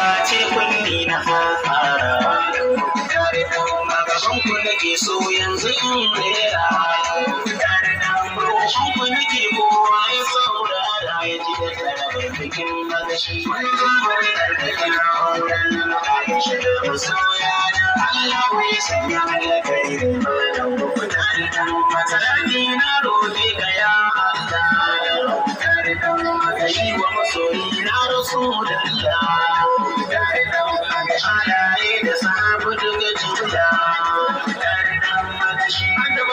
Ka ce kulli na fara tare da magaban ku nake so yanzu in rera tare da magaban ku nake kowa ya saurara ya ji da tarabar bikin magashi wani zubar karkakin auren na magashi da masoya na Allah ya sanya alkhairi ma da ku tare da matsala ni na roƙe ka ya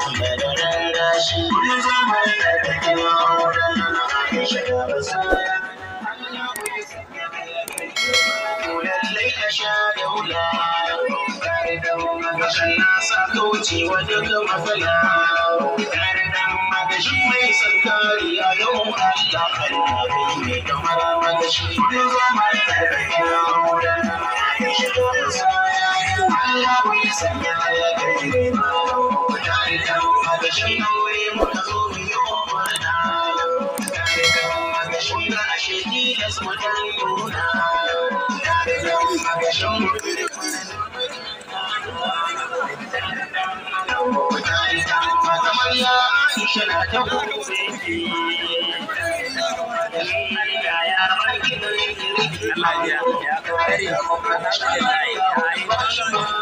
kuma da rarrashi mun zama da tafiya wurin nan a shiga basa Lallai ka sha da wula, da da mai yau Allah mai zama da a shiga basa. Allah bai sanya alaƙar girma. Gashin aure muka zo mu yi umarna. da su mutane nuna. Gare gaban magashin mu na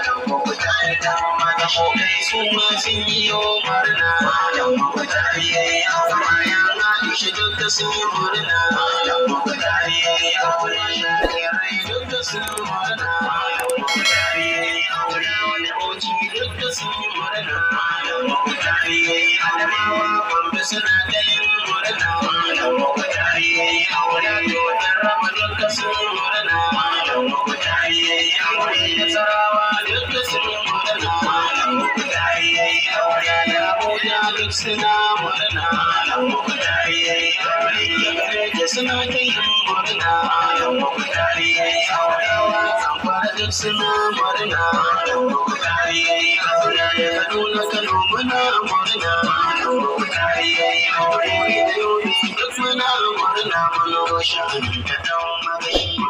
abokai su ma sun yi yo murna malam ku tarbiya bayan Aisha duk da sun yi murna malam ku duk da sun yi malam aure duk da sun yi malam suna malam aure suna murna nan muku dariya daga da suna ta yin murna nan muku dariya duk suna murna nan muku dariya daga dole kano muna murna nan muku dariya duk muna murna muna sha'ani ta dan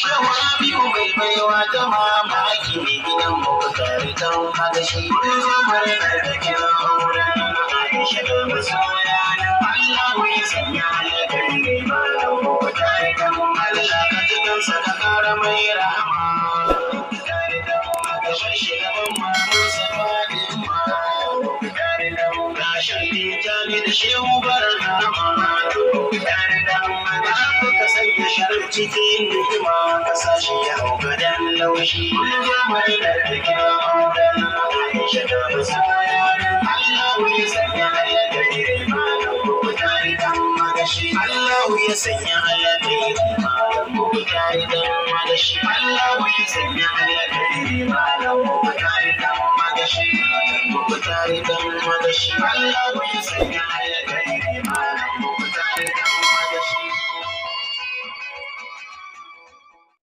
Shehu biyu mai baiwa ta mamaki mai gidan mu tare ta shi ne da auren Aisha da masoya Allah tijani da shehu barna mamadu yare da mana ka sanya sharar cikin hikima ka sashi ya hau gadan laushi kullum mai da da dan aisha da musaya Allah ya sanya haya da girma da kuma tare da shi. Allah ya sanya haya da girma da kuma tare da shi. Allah ya sanya haya gidan magashi Allah ya sanya